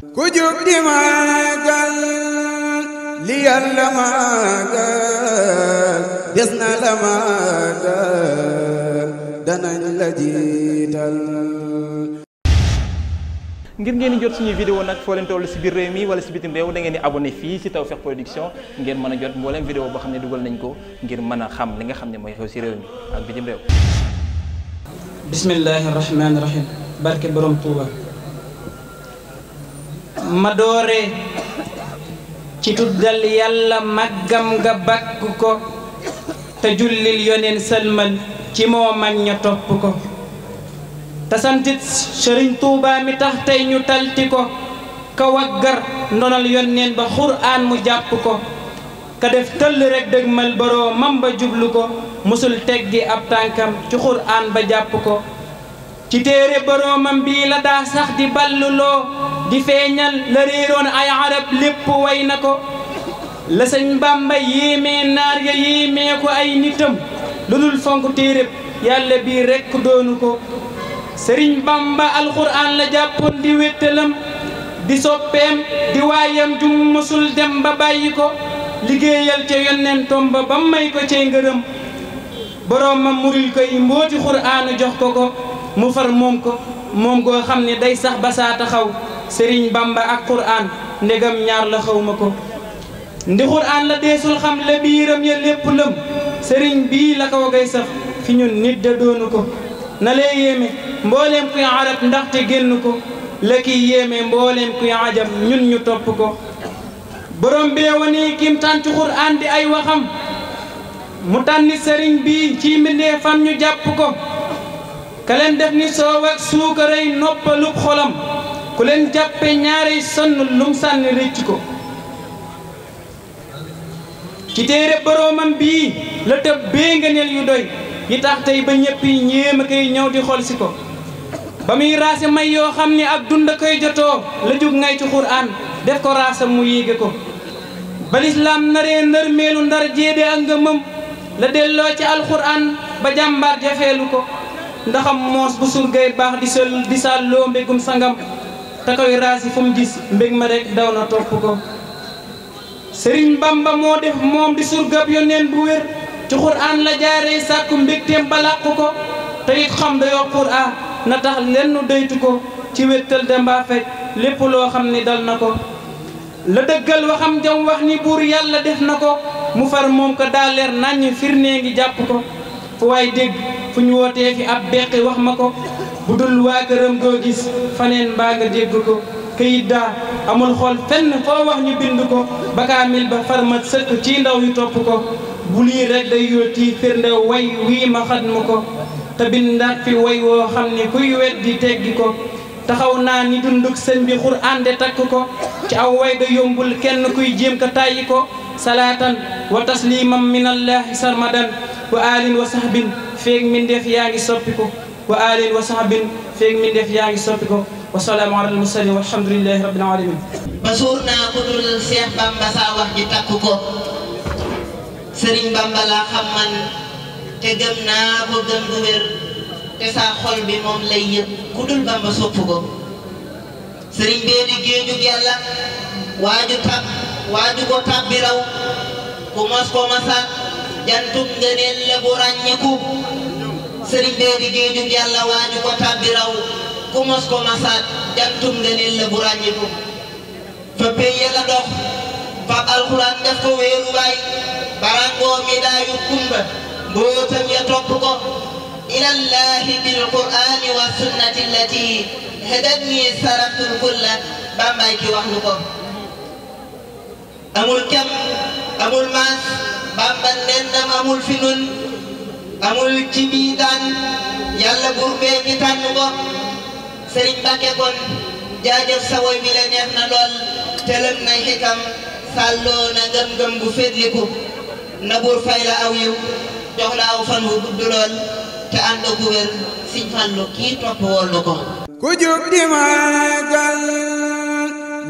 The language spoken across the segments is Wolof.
ku jub di maagal li yàlla maagal des na la maagal danañ la jiital ngir ngeen di jot suñuy vidéo nag foo leen si biir réew mi wala si bitim réew da ngeen di abonné fii si Tawfekh Production ngeen mëna jot mbooleem vidéo boo xam ne dugal nañ ko ngir mëna xam li nga xam ne mooy xew si réew mi ak bitim réew bismillahi rahmaani rahim ma doore ci tuddal yàlla gam nga bàkk ko te jullil yoneen sëlmal ci moo mag ña topp ko te santit sëriñ tuubaa mi tax tey ñu talti ko ka waggar ndonal yonneen ba xuraan mu jàpp ko ka def tëll rek dëgmal boroo mam ba jublu ko musul teggi ab tànkam ci xuraan ba jàpp ko ci téere boroomam bii la daa sax di balluloo di feeñal la réeroon ay arab lépp way na ko la sëñ Bamba yéemee naar ya yéemee ko ay nitam lu dul fonk téereb yàlla bii rekk doonu ko sëriñ Bamba alxuraan la jàppoon di wéttalam di soppeem di waayam ju mësul dem ba bàyyi ko liggéeyal ca yonnentom ba ba may ko cey ngërëm boroomam muril koy mbooti xuraanu jox ko ko mu far moom ko moom goo xam ne day sax ba saa taxaw sëriñ bàmba ak quraan ndegam ñaar la xawma ko ndi quraan la deesul xam la biiram ya lépp lëm sëriñ bii la ko gay sax fi ñun nit da ko na lee yéeme mbooleem kuy arab ndaxte génn ko la kiy yéeme mbooleem kuy ajam ñun ñu topp ko borom bee wonee kim tànn ci quraan di ay waxam mu tànni sëriñ bii ci fan ñu jàpp ko ka leen def ni soow ak suukaray noppalub xolam ku leen jàppe ñaari sonn lum sànni rëcc ko ci téere boroomam bii la tëb bee ngëneel yu doy yi tax tey ba ñëpp yi ñéem a koy ñëw di xool si ko ba muy raase may yoo xam ni ak dund koy jotoo la jug ngay ci xuraan def ko raasa mu yéege ko ba naree nërmeelu ndar jéede ak ngëmëm la delloo ci alxuraan ba jàmbaar jafeelu ko ndaxam moos bu surgay baax di sel di sàlloo mbégum sangam te koy raas yi gis mbég ma rek daw na topp ko sëriñ bamba moo def moom di surgab yoneen bu wér ci xuraan la jaaree sàkku mbégteem ba làq ko te it xam dayoo xuraan na tax lenn doytu ko ci wéttal de mbaa fekk lépp loo xam ni dal na ko la dëggal waxam jam wax ni buur yàlla def na ko mu far moom ko daa leer naññ firnee jàpp ko fu waay dégg fu ñu wootee fi ab beqi wax ma ko bu dul waa këram goo gis faneen mbaa nga dégg ko këyit daa amul xool fenn foo wax ñu bind ko bakaamil ba farmat sëkk ci ndaw yu topp ko bu lii rek day yóoti firnde way wii ma xat ko te bindaat fi way woo xam ni kuy di tegg ko taxaw naa ni dunduk sëñ bi xur ànde takk ko ci aw way da yombul kenn kuy jéem ka tàyyi ko salaatan wa tasliman min allahi sarmadan wa alin wa sahbin feeg min def yaa wa alin wa sahbin feeg min def yaa wa salaamu ala almursalin walhamdulilahi rabbil alamin ba suur Bamba saa wax ji takk ko Bamba laa xam man te gëm naa ko gëm bu wér te saa Bamba sopp ko sëriñ bee di géejug yàlla waaju raw ku mos ko masal jantub ngëneel la bu ràññeeku sëriñ bee di géejug yàlla waaju ko tàbbi raw ku mos ko masal jantub ngëneel la bu ràññeeku fa pey yàlla dox fab alxuraan def ko wéeruwaay barangoo mi daayu kumba mbootam ya topp ko ilallahi bil qur'ani wa sunnati allati hadatni saraftul kulla bambay ki wax nu ko amul kem amul maas bàmba nendam amul fi nun amul ci bii daan yàlla buur bee ñi tànn ko sëriñ kon jaajëf sa woy mi la neex na lool tëlëm na xikam sàlloo na ngëm-ngëm bu na buur fay la aw yiw jox la aw fan wu gudd lool te ànd ku wér siñ fàllu kii topp woon na ku jub di maagal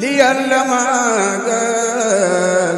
li yàlla maagal